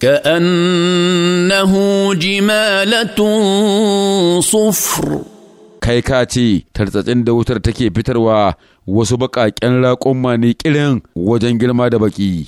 كأنه جمالة صفر kai ka ce tartsatsin da wutar take fitarwa wasu baƙaƙen raƙon ne ƙirin wajen girma da baƙi